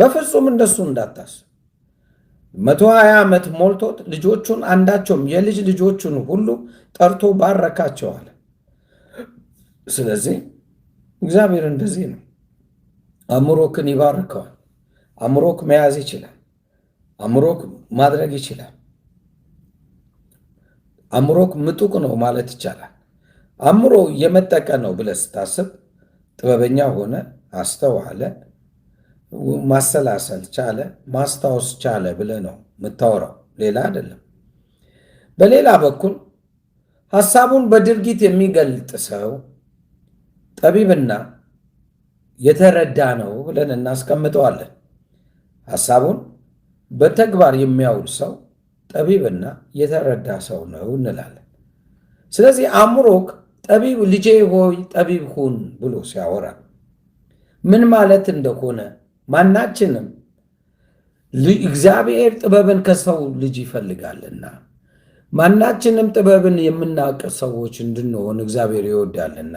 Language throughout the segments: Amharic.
በፍጹም እንደሱ እንዳታስብ። መቶ ሀያ ዓመት ሞልቶት ልጆቹን አንዳቸውም የልጅ ልጆቹን ሁሉ ጠርቶ ባረካቸዋል። ስለዚህ እግዚአብሔር እንደዚህ ነው፣ አእምሮክን ይባርከዋል። አእምሮክ መያዝ ይችላል። አእምሮክ ማድረግ ይችላል። አእምሮክ ምጡቅ ነው ማለት ይቻላል። አእምሮ የመጠቀ ነው ብለህ ስታስብ ጥበበኛ ሆነ፣ አስተዋለ ማሰላሰል ቻለ፣ ማስታወስ ቻለ ብለህ ነው የምታወራው፣ ሌላ አይደለም። በሌላ በኩል ሀሳቡን በድርጊት የሚገልጥ ሰው ጠቢብና የተረዳ ነው ብለን እናስቀምጠዋለን። ሀሳቡን በተግባር የሚያውል ሰው ጠቢብና የተረዳ ሰው ነው እንላለን። ስለዚህ አእምሮክ ጠቢብ ልጄ ሆይ ጠቢብ ሁን ብሎ ሲያወራ ምን ማለት እንደሆነ ማናችንም እግዚአብሔር ጥበብን ከሰው ልጅ ይፈልጋልና ማናችንም ጥበብን የምናውቅ ሰዎች እንድንሆን እግዚአብሔር ይወዳልና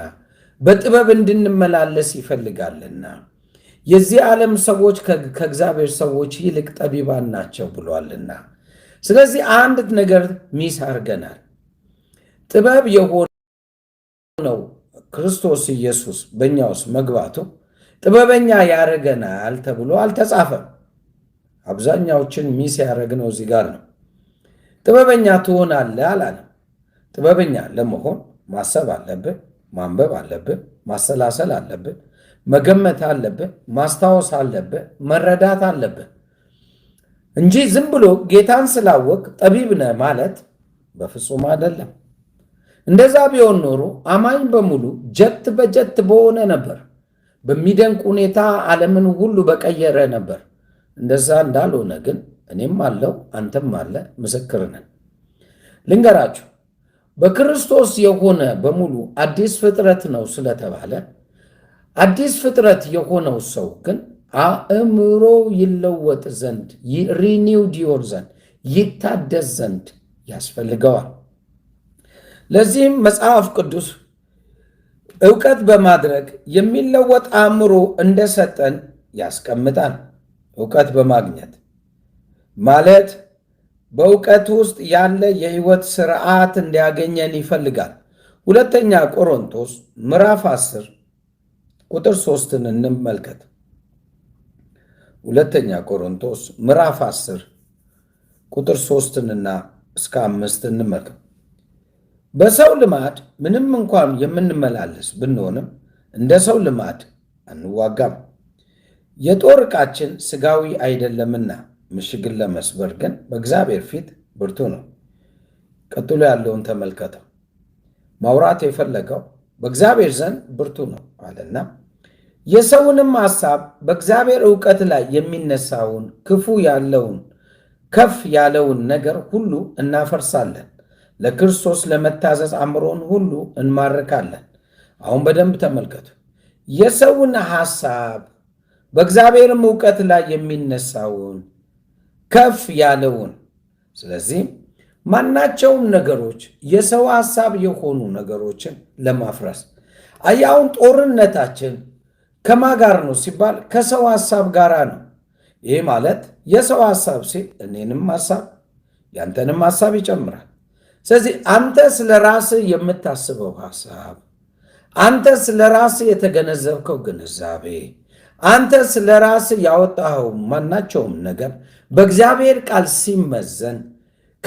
በጥበብ እንድንመላለስ ይፈልጋልና የዚህ ዓለም ሰዎች ከእግዚአብሔር ሰዎች ይልቅ ጠቢባን ናቸው ብሏልና። ስለዚህ አንድ ነገር ሚስ አድርገናል። ጥበብ የሆነው ክርስቶስ ኢየሱስ በእኛ ውስጥ መግባቱ ጥበበኛ ያደርገናል ተብሎ አልተጻፈም። አብዛኛዎችን ሚስ ያደረግነው እዚህ ጋር ነው። ጥበበኛ ትሆናለህ አላለም። ጥበበኛ ለመሆን ማሰብ አለብህ፣ ማንበብ አለብህ፣ ማሰላሰል አለብህ፣ መገመት አለብህ፣ ማስታወስ አለብህ፣ መረዳት አለብህ እንጂ ዝም ብሎ ጌታን ስላወቅ ጠቢብ ነህ ማለት በፍጹም አይደለም። እንደዛ ቢሆን ኖሮ አማኝ በሙሉ ጀት በጀት በሆነ ነበር። በሚደንቅ ሁኔታ ዓለምን ሁሉ በቀየረ ነበር። እንደዛ እንዳልሆነ ግን እኔም አለው አንተም አለ ምስክር ነን። ልንገራችሁ በክርስቶስ የሆነ በሙሉ አዲስ ፍጥረት ነው ስለተባለ አዲስ ፍጥረት የሆነው ሰው ግን አእምሮ ይለወጥ ዘንድ ሪኒው ዲዮር ዘንድ ይታደስ ዘንድ ያስፈልገዋል። ለዚህም መጽሐፍ ቅዱስ እውቀት በማድረግ የሚለወጥ አእምሮ እንደሰጠን ያስቀምጣል። እውቀት በማግኘት ማለት በእውቀት ውስጥ ያለ የህይወት ስርዓት እንዲያገኘን ይፈልጋል። ሁለተኛ ቆሮንቶስ ምዕራፍ 10 ቁጥር ሶስትን እንመልከት። ሁለተኛ ቆሮንቶስ ምዕራፍ 10 ቁጥር ሶስትንና እስከ አምስት እንመልከት። በሰው ልማድ ምንም እንኳን የምንመላለስ ብንሆንም እንደ ሰው ልማድ አንዋጋም። የጦር ዕቃችን ስጋዊ አይደለምና ምሽግን ለመስበር ግን በእግዚአብሔር ፊት ብርቱ ነው። ቀጥሎ ያለውን ተመልከተው። ማውራት የፈለገው በእግዚአብሔር ዘንድ ብርቱ ነው አለና የሰውንም ሐሳብ በእግዚአብሔር ዕውቀት ላይ የሚነሳውን ክፉ ያለውን ከፍ ያለውን ነገር ሁሉ እናፈርሳለን ለክርስቶስ ለመታዘዝ አእምሮን ሁሉ እንማርካለን። አሁን በደንብ ተመልከቱ። የሰውን ሐሳብ በእግዚአብሔርም እውቀት ላይ የሚነሳውን ከፍ ያለውን። ስለዚህ ማናቸውም ነገሮች የሰው ሐሳብ የሆኑ ነገሮችን ለማፍረስ አያውን ጦርነታችን ከማ ጋር ነው ሲባል ከሰው ሐሳብ ጋር ነው። ይህ ማለት የሰው ሐሳብ ሲል እኔንም ሐሳብ ያንተንም ሐሳብ ይጨምራል። ስለዚህ አንተ ስለ ራስህ የምታስበው ሀሳብ፣ አንተ ስለ ራስህ የተገነዘብከው ግንዛቤ፣ አንተ ስለ ራስህ ያወጣኸው ማናቸውም ነገር በእግዚአብሔር ቃል ሲመዘን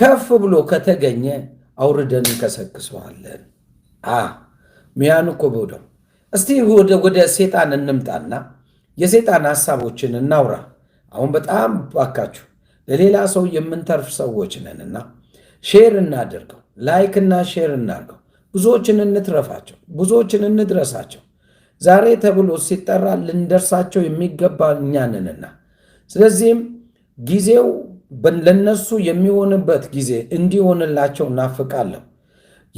ከፍ ብሎ ከተገኘ አውርደን እንከሰክሰዋለን። አ ሚያኑ ኮቦደው እስቲ ወደ ሴጣን እንምጣና የሴጣን ሀሳቦችን እናውራ። አሁን በጣም ባካችሁ ለሌላ ሰው የምንተርፍ ሰዎች ነንና ሼር እናደርገው፣ ላይክ እና ሼር እናድርገው። ብዙዎችን እንትረፋቸው፣ ብዙዎችን እንድረሳቸው። ዛሬ ተብሎ ሲጠራ ልንደርሳቸው የሚገባ እኛንንና ስለዚህም ጊዜው ለነሱ የሚሆንበት ጊዜ እንዲሆንላቸው እናፍቃለሁ።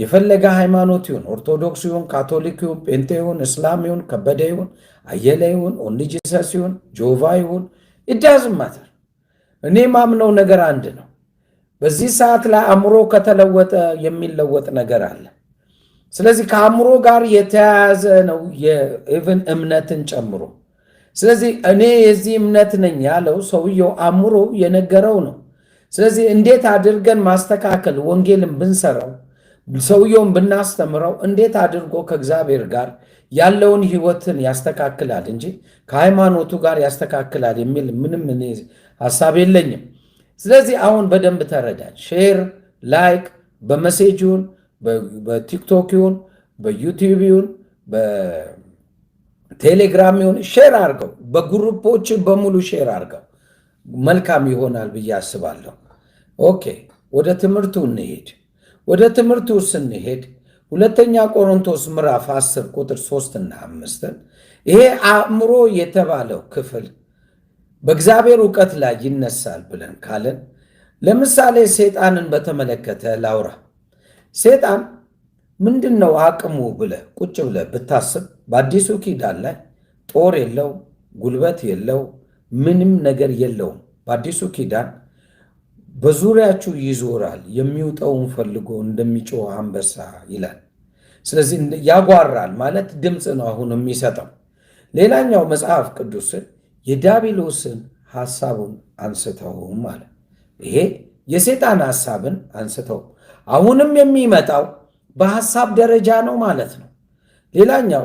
የፈለገ ሃይማኖት ይሁን ኦርቶዶክስ ይሁን ካቶሊክ ይሁን ጴንጤ ይሁን እስላም ይሁን ከበደ ይሁን አየለ ይሁን ኦንሊጂሰስ ይሁን ጆቫ ይሁን ኢዳዝም እኔ ማምነው ነገር አንድ ነው። በዚህ ሰዓት ላይ አእምሮ ከተለወጠ የሚለወጥ ነገር አለ። ስለዚህ ከአእምሮ ጋር የተያያዘ ነው ኢቭን እምነትን ጨምሮ። ስለዚህ እኔ የዚህ እምነት ነኝ ያለው ሰውየው አእምሮ የነገረው ነው። ስለዚህ እንዴት አድርገን ማስተካከል ወንጌልን ብንሰራው ሰውየውን ብናስተምረው እንዴት አድርጎ ከእግዚአብሔር ጋር ያለውን ህይወትን ያስተካክላል እንጂ ከሃይማኖቱ ጋር ያስተካክላል የሚል ምንም እኔ ሀሳብ የለኝም። ስለዚህ አሁን በደንብ ተረዳን። ሼር ላይክ፣ በመሴጅ ይሁን በቲክቶክ ይሁን በዩቲዩብ ይሁን በቴሌግራም ይሁን ሼር አርገው፣ በግሩፖች በሙሉ ሼር አድርገው፣ መልካም ይሆናል ብዬ አስባለሁ። ኦኬ ወደ ትምህርቱ እንሄድ። ወደ ትምህርቱ ስንሄድ ሁለተኛ ቆሮንቶስ ምዕራፍ 10 ቁጥር 3 እና 5 ይሄ አእምሮ የተባለው ክፍል በእግዚአብሔር እውቀት ላይ ይነሳል ብለን ካለን ለምሳሌ ሴጣንን በተመለከተ ላውራ። ሴጣን ምንድን ነው አቅሙ ብለ ቁጭ ብለ ብታስብ በአዲሱ ኪዳን ላይ ጦር የለው፣ ጉልበት የለው፣ ምንም ነገር የለውም። በአዲሱ ኪዳን በዙሪያችሁ ይዞራል የሚውጠውን ፈልጎ እንደሚጮህ አንበሳ ይላል። ስለዚህ ያጓራል ማለት ድምፅ ነው አሁን የሚሰጠው ሌላኛው መጽሐፍ ቅዱስን የዲያብሎስን ሐሳቡን አንስተውም አለ። ይሄ የሴጣን ሐሳብን አንስተውም። አሁንም የሚመጣው በሐሳብ ደረጃ ነው ማለት ነው። ሌላኛው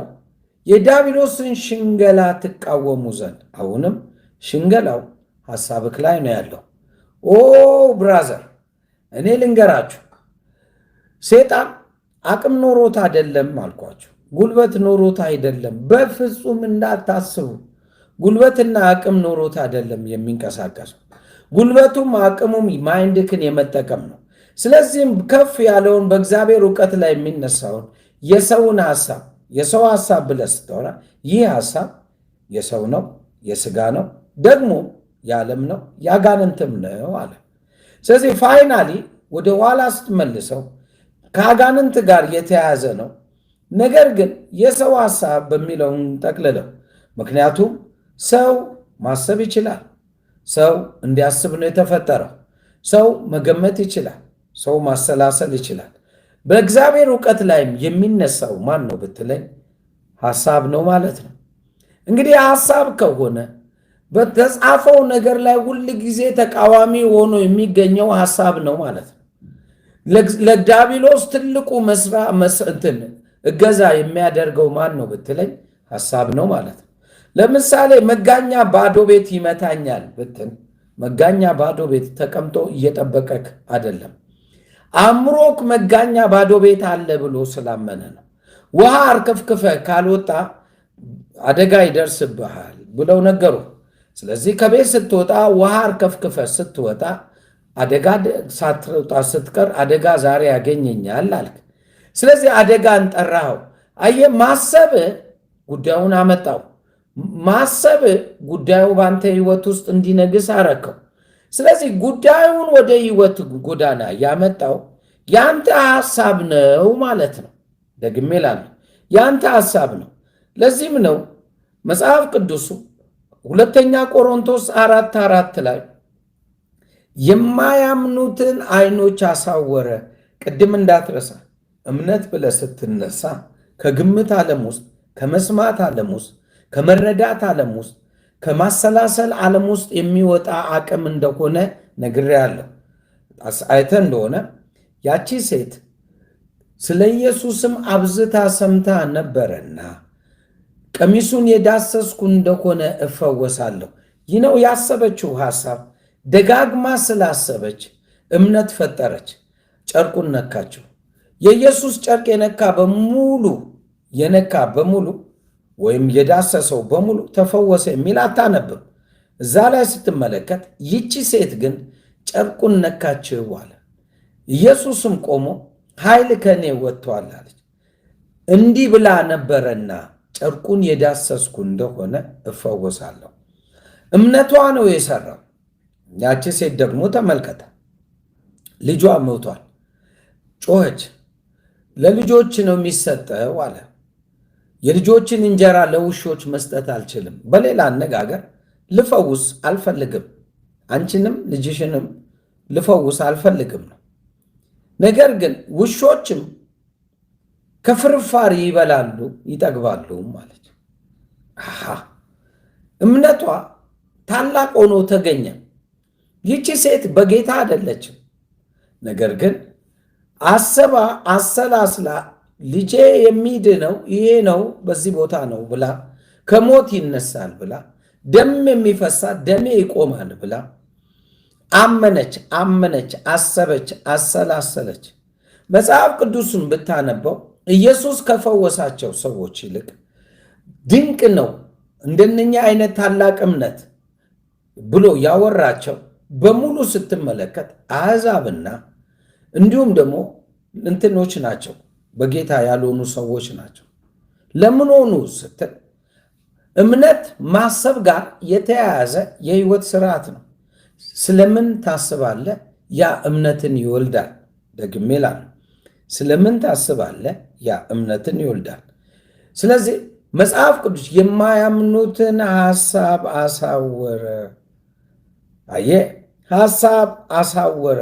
የዲያብሎስን ሽንገላ ትቃወሙ ዘንድ አሁንም ሽንገላው ሐሳብክ ላይ ነው ያለው። ኦ ብራዘር፣ እኔ ልንገራችሁ ሴጣን አቅም ኖሮት አይደለም አልኳችሁ፣ ጉልበት ኖሮት አይደለም። በፍጹም እንዳታስቡ። ጉልበትና አቅም ኖሮት አይደለም የሚንቀሳቀሰው። ጉልበቱም አቅሙም ማይንድክን የመጠቀም ነው። ስለዚህም ከፍ ያለውን በእግዚአብሔር እውቀት ላይ የሚነሳውን የሰውን ሀሳብ የሰው ሀሳብ ብለህ ስትሆነ ይህ ሀሳብ የሰው ነው፣ የስጋ ነው፣ ደግሞ የዓለም ነው፣ የአጋንንትም ነው አለ። ስለዚህ ፋይናሊ ወደ ኋላ ስትመልሰው ከአጋንንት ጋር የተያያዘ ነው። ነገር ግን የሰው ሀሳብ በሚለውን ጠቅልለው ምክንያቱም ሰው ማሰብ ይችላል። ሰው እንዲያስብ ነው የተፈጠረው። ሰው መገመት ይችላል። ሰው ማሰላሰል ይችላል። በእግዚአብሔር እውቀት ላይም የሚነሳው ማን ነው ብትለኝ ሐሳብ ነው ማለት ነው። እንግዲህ ሐሳብ ከሆነ በተጻፈው ነገር ላይ ሁል ጊዜ ተቃዋሚ ሆኖ የሚገኘው ሐሳብ ነው ማለት ነው። ለዳቢሎስ ትልቁ መስራ እገዛ የሚያደርገው ማን ነው ብትለኝ ሐሳብ ነው ማለት ነው። ለምሳሌ መጋኛ ባዶ ቤት ይመታኛል ብትን መጋኛ ባዶ ቤት ተቀምጦ እየጠበቀክ አይደለም። አእምሮክ መጋኛ ባዶ ቤት አለ ብሎ ስላመነ ነው። ውሃ አርከፍክፈ ካልወጣ አደጋ ይደርስብሃል ብለው ነገሩ። ስለዚህ ከቤት ስትወጣ ውሃ አርከፍክፈ ስትወጣ አደጋ ሳትወጣ ስትቀር አደጋ ዛሬ ያገኘኛል አልክ። ስለዚህ አደጋን ጠራኸው። አየ ማሰብ ጉዳዩን አመጣው። ማሰብ ጉዳዩ በአንተ ህይወት ውስጥ እንዲነግስ አረከው። ስለዚህ ጉዳዩን ወደ ህይወት ጎዳና ያመጣው የአንተ ሀሳብ ነው ማለት ነው። ደግሜ እላለሁ የአንተ ሀሳብ ነው። ለዚህም ነው መጽሐፍ ቅዱሱ ሁለተኛ ቆሮንቶስ አራት አራት ላይ የማያምኑትን አይኖች አሳወረ። ቅድም እንዳትረሳ እምነት ብለህ ስትነሳ ከግምት ዓለም ውስጥ ከመስማት ዓለም ውስጥ ከመረዳት ዓለም ውስጥ ከማሰላሰል ዓለም ውስጥ የሚወጣ አቅም እንደሆነ ነግሬያለሁ። አይተ እንደሆነ ያቺ ሴት ስለ ኢየሱስም አብዝታ ሰምታ ነበረና ቀሚሱን የዳሰስኩ እንደሆነ እፈወሳለሁ። ይህ ነው ያሰበችው ሐሳብ። ደጋግማ ስላሰበች እምነት ፈጠረች። ጨርቁን ነካችው። የኢየሱስ ጨርቅ የነካ በሙሉ የነካ በሙሉ ወይም የዳሰሰው በሙሉ ተፈወሰ የሚል አታነብም። እዛ ላይ ስትመለከት ይቺ ሴት ግን ጨርቁን ነካችው አለ። ኢየሱስም ቆሞ ኃይል ከእኔ ወጥቷል አለች። እንዲህ ብላ ነበረና ጨርቁን የዳሰስኩ እንደሆነ እፈወሳለሁ። እምነቷ ነው የሰራው። ያቺ ሴት ደግሞ ተመልከተ፣ ልጇ ሞቷል። ጮኸች። ለልጆች ነው የሚሰጠው አለ የልጆችን እንጀራ ለውሾች መስጠት አልችልም። በሌላ አነጋገር ልፈውስ አልፈልግም፣ አንቺንም ልጅሽንም ልፈውስ አልፈልግም ነው። ነገር ግን ውሾችም ከፍርፋሪ ይበላሉ ይጠግባሉ አለች። እምነቷ ታላቅ ሆኖ ተገኘ። ይቺ ሴት በጌታ አይደለችም፣ ነገር ግን አሰባ አሰላስላ ልጄ የሚድነው ይሄ ነው በዚህ ቦታ ነው ብላ ከሞት ይነሳል ብላ ደም የሚፈሳ ደሜ ይቆማል ብላ አመነች፣ አመነች፣ አሰበች፣ አሰላሰለች። መጽሐፍ ቅዱስን ብታነበው ኢየሱስ ከፈወሳቸው ሰዎች ይልቅ ድንቅ ነው እንደነኛ አይነት ታላቅ እምነት ብሎ ያወራቸው በሙሉ ስትመለከት አሕዛብና እንዲሁም ደግሞ እንትኖች ናቸው። በጌታ ያልሆኑ ሰዎች ናቸው። ለምን ሆኑ ስትል እምነት ማሰብ ጋር የተያያዘ የህይወት ስርዓት ነው። ስለምን ታስባለ? ያ እምነትን ይወልዳል። ደግሜ ላሉ ስለምን ታስባለ? ያ እምነትን ይወልዳል። ስለዚህ መጽሐፍ ቅዱስ የማያምኑትን ሐሳብ አሳወረ። አየ ሐሳብ አሳወረ።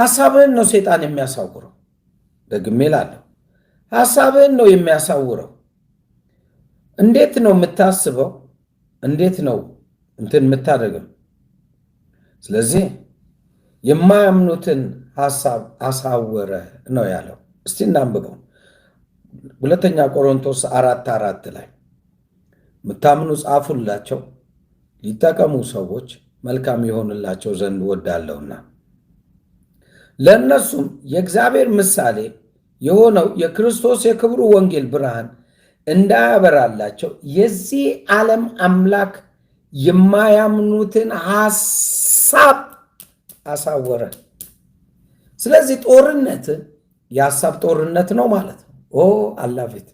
ሐሳብህን ነው ሴጣን የሚያሳውረው። ደግሜ እላለሁ፣ ሐሳብህን ነው የሚያሳውረው። እንዴት ነው የምታስበው? እንዴት ነው እንትን የምታደርገው? ስለዚህ የማያምኑትን ሐሳብ አሳወረ ነው ያለው። እስቲ እናንብበው። ሁለተኛ ቆሮንቶስ አራት አራት ላይ የምታምኑ ጻፉላቸው፣ ሊጠቀሙ ሰዎች መልካም የሆንላቸው ዘንድ ወዳለሁና ለእነሱም የእግዚአብሔር ምሳሌ የሆነው የክርስቶስ የክብሩ ወንጌል ብርሃን እንዳያበራላቸው የዚህ ዓለም አምላክ የማያምኑትን ሐሳብ አሳወረ። ስለዚህ ጦርነት የሐሳብ ጦርነት ነው ማለት ነው። ኦ አላፊት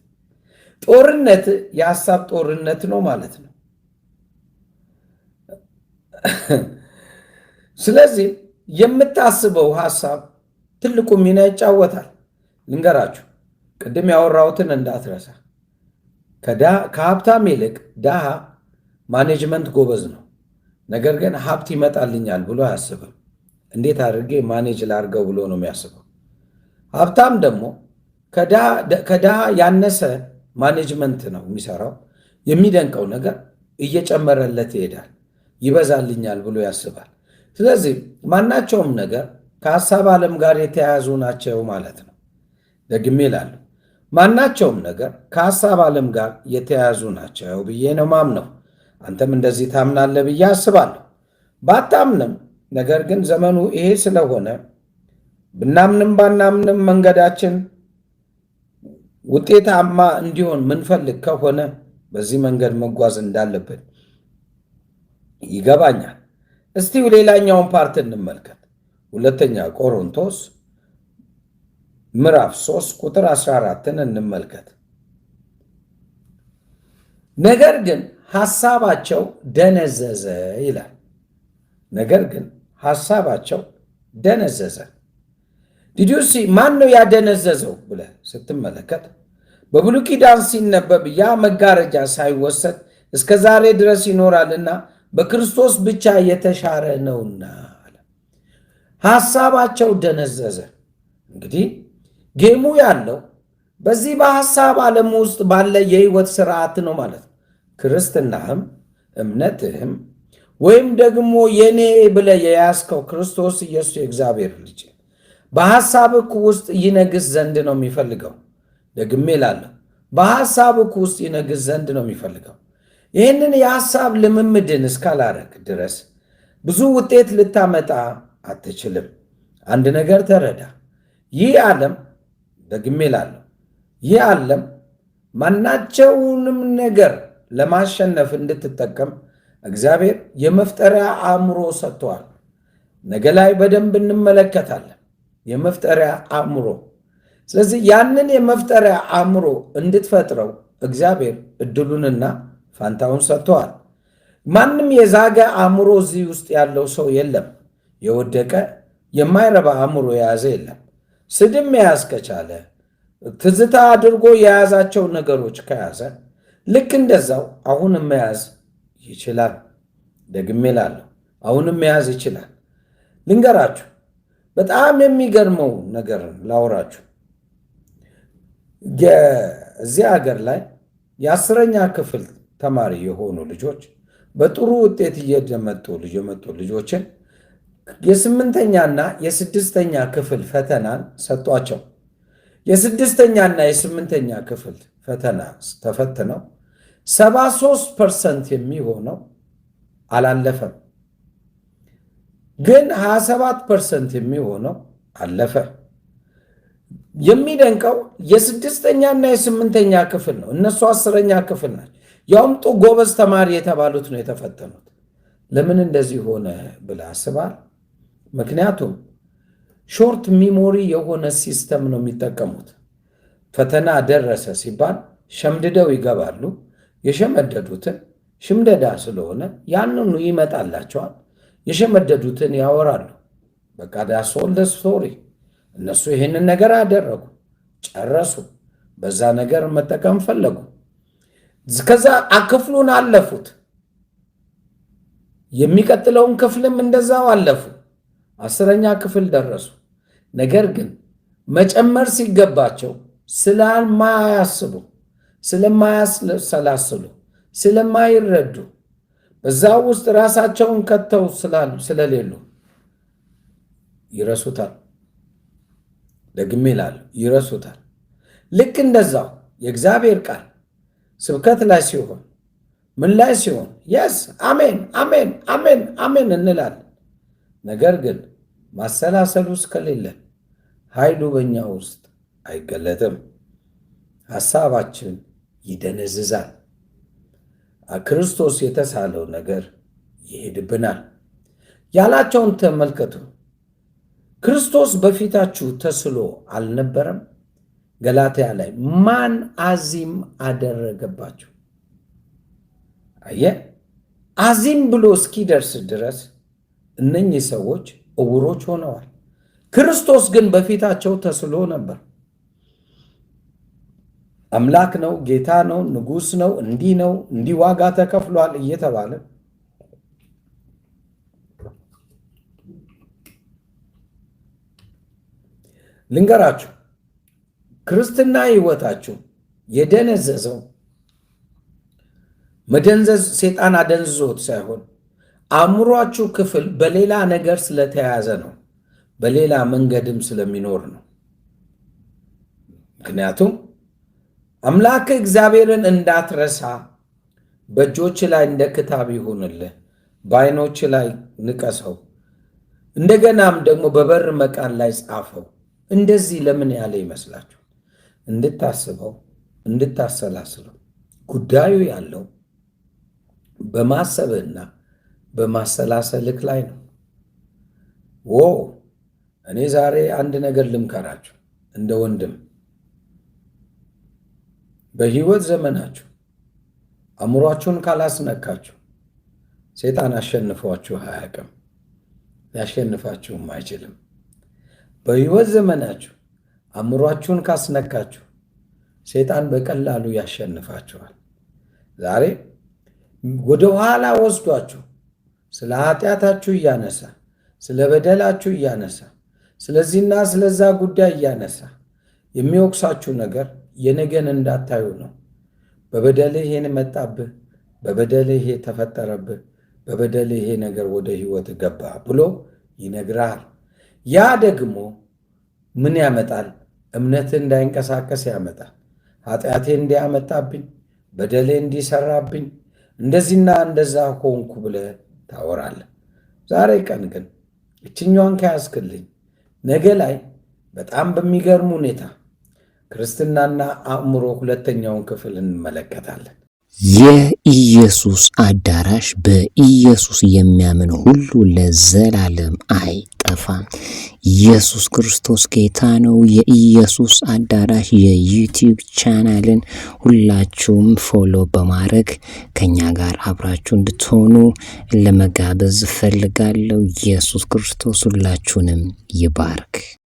ጦርነት የሐሳብ ጦርነት ነው ማለት ነው። ስለዚህ የምታስበው ሀሳብ ትልቁ ሚና ይጫወታል። ልንገራችሁ፣ ቅድም ያወራሁትን እንዳትረሳ። ከሀብታም ይልቅ ድሃ ማኔጅመንት ጎበዝ ነው። ነገር ግን ሀብት ይመጣልኛል ብሎ አያስብም። እንዴት አድርጌ ማኔጅ ላድርገው ብሎ ነው የሚያስበው። ሀብታም ደግሞ ከድሃ ያነሰ ማኔጅመንት ነው የሚሰራው። የሚደንቀው ነገር እየጨመረለት ይሄዳል፣ ይበዛልኛል ብሎ ያስባል። ስለዚህ ማናቸውም ነገር ከሀሳብ ዓለም ጋር የተያያዙ ናቸው ማለት ነው። ደግሜ እላለሁ ማናቸውም ነገር ከሀሳብ ዓለም ጋር የተያያዙ ናቸው ብዬ ነው ማምነው። አንተም እንደዚህ ታምናለህ ብዬ አስባለሁ። ባታምንም ነገር ግን ዘመኑ ይሄ ስለሆነ ብናምንም ባናምንም መንገዳችን ውጤታማ እንዲሆን ምንፈልግ ከሆነ በዚህ መንገድ መጓዝ እንዳለብን ይገባኛል። እስቲ ሌላኛውን ፓርት እንመልከት። ሁለተኛ ቆሮንቶስ ምዕራፍ 3 ቁጥር 14ን እንመልከት። ነገር ግን ሐሳባቸው ደነዘዘ ይላል። ነገር ግን ሐሳባቸው ደነዘዘ። ዲዲሲ ማን ነው ያደነዘዘው ብለ ስትመለከት በብሉይ ኪዳን ሲነበብ ያ መጋረጃ ሳይወሰድ እስከ ዛሬ ድረስ ይኖራልና በክርስቶስ ብቻ የተሻረ ነውና ሐሳባቸው ደነዘዘ። እንግዲህ ጌሙ ያለው በዚህ በሐሳብ ዓለም ውስጥ ባለ የህይወት ስርዓት ነው ማለት ነው። ክርስትናህም እምነትህም ወይም ደግሞ የኔ ብለ የያዝከው ክርስቶስ ኢየሱስ የእግዚአብሔር ልጅ በሐሳብህ ውስጥ ይነግስ ዘንድ ነው የሚፈልገው። ደግሜ እላለሁ፣ በሐሳብህ ውስጥ ይነግስ ዘንድ ነው የሚፈልገው። ይህንን የሐሳብ ልምምድን እስካላረግ ድረስ ብዙ ውጤት ልታመጣ አትችልም። አንድ ነገር ተረዳ። ይህ ዓለም ደግሜ እላለሁ፣ ይህ ዓለም ማናቸውንም ነገር ለማሸነፍ እንድትጠቀም እግዚአብሔር የመፍጠሪያ አእምሮ ሰጥተዋል። ነገ ላይ በደንብ እንመለከታለን። የመፍጠሪያ አእምሮ። ስለዚህ ያንን የመፍጠሪያ አእምሮ እንድትፈጥረው እግዚአብሔር እድሉንና ፋንታውን ሰጥተዋል። ማንም የዛገ አእምሮ እዚህ ውስጥ ያለው ሰው የለም። የወደቀ የማይረባ አእምሮ የያዘ የለም። ስድብ መያዝ ከቻለ ትዝታ አድርጎ የያዛቸው ነገሮች ከያዘ ልክ እንደዛው አሁንም መያዝ ይችላል። ደግሜ እላለሁ፣ አሁንም መያዝ ይችላል። ልንገራችሁ፣ በጣም የሚገርመው ነገር ላውራችሁ። እዚህ ሀገር ላይ የአስረኛ ክፍል ተማሪ የሆኑ ልጆች በጥሩ ውጤት እየመጡ የመጡ ልጆችን የስምንተኛና የስድስተኛ ክፍል ፈተናን ሰጧቸው። የስድስተኛና የስምንተኛ ክፍል ፈተና ተፈትነው 73 ፐርሰንት የሚሆነው አላለፈም፣ ግን 27 ፐርሰንት የሚሆነው አለፈ። የሚደንቀው የስድስተኛና የስምንተኛ ክፍል ነው። እነሱ አስረኛ ክፍል ናቸው። ያምጡ ጎበዝ ተማሪ የተባሉት ነው የተፈተኑት። ለምን እንደዚህ ሆነ ብለ አስባል። ምክንያቱም ሾርት ሚሞሪ የሆነ ሲስተም ነው የሚጠቀሙት። ፈተና ደረሰ ሲባል ሸምድደው ይገባሉ። የሸመደዱትን ሽምደዳ ስለሆነ ያንኑ ይመጣላቸዋል። የሸመደዱትን ያወራሉ። በቃ ዳስ ስቶሪ። እነሱ ይህንን ነገር አደረጉ፣ ጨረሱ። በዛ ነገር መጠቀም ፈለጉ። ከዛ ክፍሉን አለፉት። የሚቀጥለውን ክፍልም እንደዛው አለፉ። አስረኛ ክፍል ደረሱ። ነገር ግን መጨመር ሲገባቸው ስለማያስቡ፣ ስለማያሰላስሉ፣ ስለማይረዱ በዛው ውስጥ ራሳቸውን ከተው ስላሉ ስለሌሉ ይረሱታል። ደግሜ እላለሁ ይረሱታል። ልክ እንደዛው የእግዚአብሔር ቃል ስብከት ላይ ሲሆን ምን ላይ ሲሆን የስ አሜን አሜን አሜን አሜን እንላለን። ነገር ግን ማሰላሰሉ እስከሌለን ኃይሉ በእኛ ውስጥ አይገለጥም። ሐሳባችን ይደነዝዛል። ክርስቶስ የተሳለው ነገር ይሄድብናል። ያላቸውን ተመልከቱ። ክርስቶስ በፊታችሁ ተስሎ አልነበረም? ገላትያ ላይ ማን አዚም አደረገባቸው? አየ አዚም ብሎ እስኪደርስ ድረስ እነኚህ ሰዎች እውሮች ሆነዋል። ክርስቶስ ግን በፊታቸው ተስሎ ነበር። አምላክ ነው፣ ጌታ ነው፣ ንጉሥ ነው፣ እንዲህ ነው፣ እንዲህ ዋጋ ተከፍሏል እየተባለ ልንገራችሁ ክርስትና ህይወታችሁ የደነዘዘው መደንዘዝ ሴጣን አደንዝዞት ሳይሆን አእምሯችሁ ክፍል በሌላ ነገር ስለተያያዘ ነው። በሌላ መንገድም ስለሚኖር ነው። ምክንያቱም አምላክ እግዚአብሔርን እንዳትረሳ በእጆች ላይ እንደ ክታብ ይሁንልህ፣ በአይኖች ላይ ንቀሰው፣ እንደገናም ደግሞ በበር መቃን ላይ ጻፈው። እንደዚህ ለምን ያለ ይመስላችሁ? እንድታስበው እንድታሰላስለው ጉዳዩ ያለው በማሰብህና በማሰላሰልክ ላይ ነው። ዎ እኔ ዛሬ አንድ ነገር ልምከራችሁ እንደ ወንድም በህይወት ዘመናችሁ አእምሯችሁን ካላስነካችሁ ሴጣን አሸንፏችሁ አያውቅም፣ ሊያሸንፋችሁም አይችልም። በህይወት ዘመናችሁ አእምሯችሁን ካስነካችሁ ሰይጣን በቀላሉ ያሸንፋችኋል። ዛሬ ወደ ኋላ ወስዷችሁ ስለ ኃጢአታችሁ እያነሳ ስለ በደላችሁ እያነሳ ስለዚህና ስለዛ ጉዳይ እያነሳ የሚወቅሳችሁ ነገር የነገን እንዳታዩ ነው። በበደልህ ይሄን መጣብህ፣ በበደልህ ይሄ ተፈጠረብህ፣ በበደልህ ይሄ ነገር ወደ ህይወት ገባ ብሎ ይነግራል። ያ ደግሞ ምን ያመጣል? እምነት እንዳይንቀሳቀስ ያመጣል። ኃጢአቴ እንዲያመጣብኝ በደሌ እንዲሰራብኝ እንደዚህና እንደዛ ሆንኩ ብለ ታወራለ ዛሬ ቀን ግን እችኛዋን ከያዝክልኝ ነገ ላይ በጣም በሚገርም ሁኔታ ክርስትናና አእምሮ ሁለተኛውን ክፍል እንመለከታለን። የኢየሱስ አዳራሽ በኢየሱስ የሚያምን ሁሉ ለዘላለም አይ አይጠፋም። ኢየሱስ ክርስቶስ ጌታ ነው። የኢየሱስ አዳራሽ የዩቲዩብ ቻናልን ሁላችሁም ፎሎ በማድረግ ከኛ ጋር አብራችሁ እንድትሆኑ ለመጋበዝ እፈልጋለሁ። ኢየሱስ ክርስቶስ ሁላችሁንም ይባርክ።